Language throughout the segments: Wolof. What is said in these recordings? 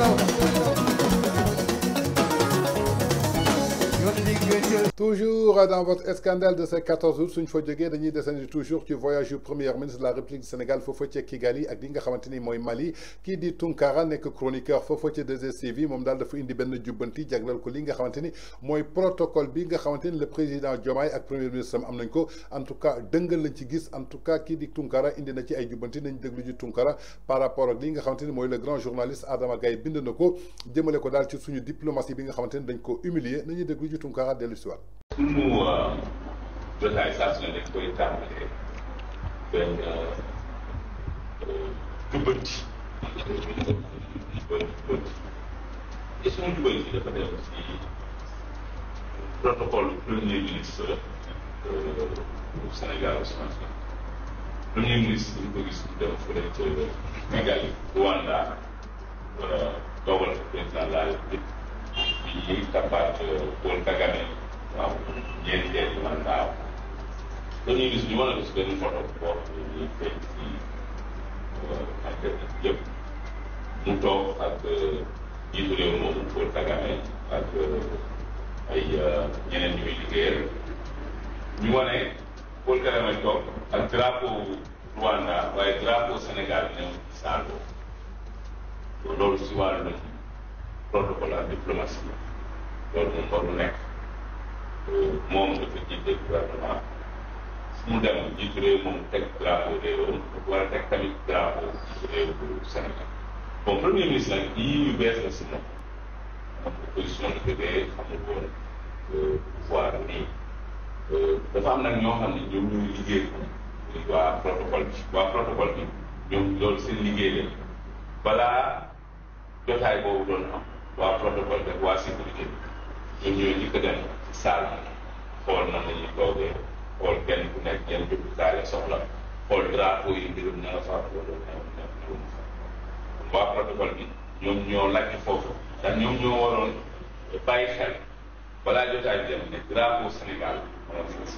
나오다. dans votre scandale de ce 14 août suñ fa jógee dañuy desandi toujours ci voyage premier ministre de la république du Sénégal Fofotier Kigali ak li nga Mali, qui dit Mali qui di Tunkara que chroniqueur Fofotier de 2STV dal de fu indi benn jubbanti jagleel ko li nga protocole bi nga le président et le premier ministre Amnenko, en tout cas Dengel lañ en tout cas qui dit Tunkara indi et ci ay jubbanti nañ Tunkara par rapport à Glinga nga le grand journaliste Adama Gaye bind na ko jëmale ko diplomatie binga nga xamante humilié, dañ de humilier Tunkara de l'histoire. sunu jotaay saa su ne dañ koy tàmbalee benn euh, jubbanti. question jubbanti dafa dem ci protocole premier ministre euh, bu Sénégal Ousmane premier ministre ñu ko gis dem fële ca Kigali Rwanda wala euh, dogal président de bi ñuy tabaat Paul Kagame. dañuy gis ñu mën a gis benn photo boo xam ne ñuy feeñ ci mu toog ak jiitu réew moomu Paul Kagame ak ay ñeneen ñu muy liggéeyal ñu wane Paul Kagame toog ak drapeau Rwanda waaye drapeau Sénégal bi newu ci saal boobu loolu si wàllu protocole ak diplomatie loolu moom warul nekk moom dafa jiite mu dem jiitu réew moom teg drapeau réewam war a teg tamit drapeau réew bu Sénégal bon premier ministre nag yii yu bees la si moom moom opposition la tëddee xamul woon euh, pouvoir nii euh, dafa am nag ñoo xam ne ñoom ñooy liggéey ko waa protocole bi waa protocole bi ñoom loolu seen liggéey la balaa jotaay boobu doon am waa protocole bi waa sécurité bi ñoom ñooy njëkk a dem ci salle bi xool nan la ñuy toogee xool kenn ku nekk kenn jublukaale soxla xool drapeau yi mbirum na nga faa wala new waa protocole bi ñoom ñoo laaj foofu ndax ñoom ñoo waroon bàyyi xel balaa jotaay bi dem ne drapeau Sénégal moo fi des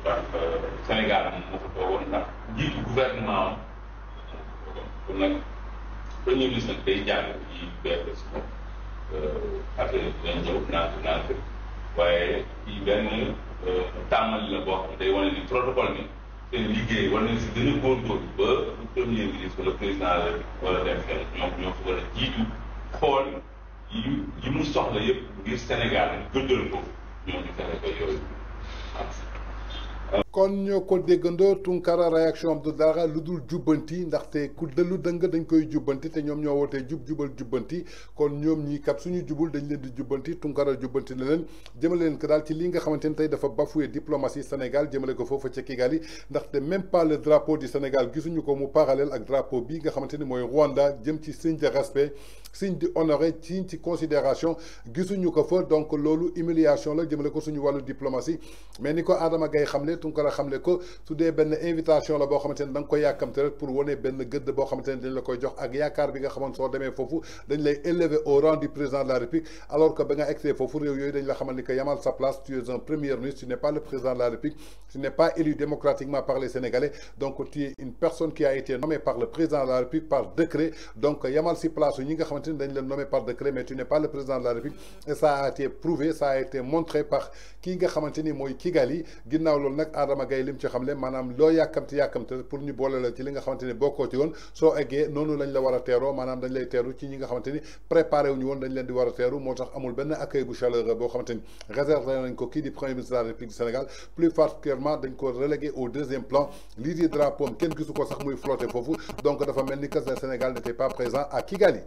ndax euh, Sénégal moom moo fa toogoon ndax njiitu gouvernement am kon nag premier ministre nag day jàng ci BRS moom euh, affaire yi dinañ ñëw naan naan waaye fii benn euh, tàmmali la boo xam day wane ni protocole bi seen liggéey war nañ si gën a góorgóorlu ba premier ministre wala président la wala dem fenn ñoom ñoo fi war a jiitu xool yi yi mu soxla yëpp ngir Sénégal gëddal ko ñoom ñu fexe ko yooyu kon ñoo ko déggandoo Tunkara réaction am du dara jubanti dul jubbanti ndaxte ku dëllu dëng dañ koy jubbanti te ñoom ñoo wootee jub jubal jubanti kon ñoom ñii kat suñu jubul dañ leen di jubbanti Tunkara jubbanti na leen jëmale leen ko daal ci li nga xamante ni tey dafa bafoué diplomatie Sénégal jëmale ko foofa ca Kigali ndaxte même pas le drapeau du Sénégal gisuñu ko mu parallèle ak drapeau bi nga xamante ni Rwanda jëm ci signe de respect signe di honoré signe ci considération gisuñu ko fa donc loolu humiliation la jëmale ko suñu walu diplomatie mais ni ko Adama Gaye xamle Tunkara dara xamle ko su dee invitation la boo xamante ne da nga koy pour wane benn gëdd boo xamante ne dañ la koy jox ak yaakaar bi nga xamante soo demee dañ lay au rang du président de la République alors que ba nga excé foofu réew yooyu dañ la xamal que yamal sa place tu es un premier ministre tu pas le président de la République tu n'est pas élu démocratiquement par les Sénégalais donc tu es une personne qui a été nommée par le président de la République par décret donc yamal si place ñi nga xamante ne dañ le nommé par décret mais tu n'es pas le président de la République et ça a été prouvé ça a été montré par ki nga xamante ni mooy Kigali ginnaaw loolu nag Adama Gaye lim ci xamle manam lo yàkkamti yàkkamte pour ñu bolé la ci li nga xamante ni bokkoo ci woon soo eggee lañ la wara téro manam dañ lay téru ci ñi nga xamante ni préparé wuñu won dañ leen di wara téru motax amul benn accueil bu chaleureux bo xamante ni réservé nañ ko kii premier ministre de la République du Sénégal plus particulièrement dañ ko relégué au deuxième plan lii di drapeau am kenn gisu sax muy flotté fofu donc dafa melni que le Sénégal n'était pas présent à Kigali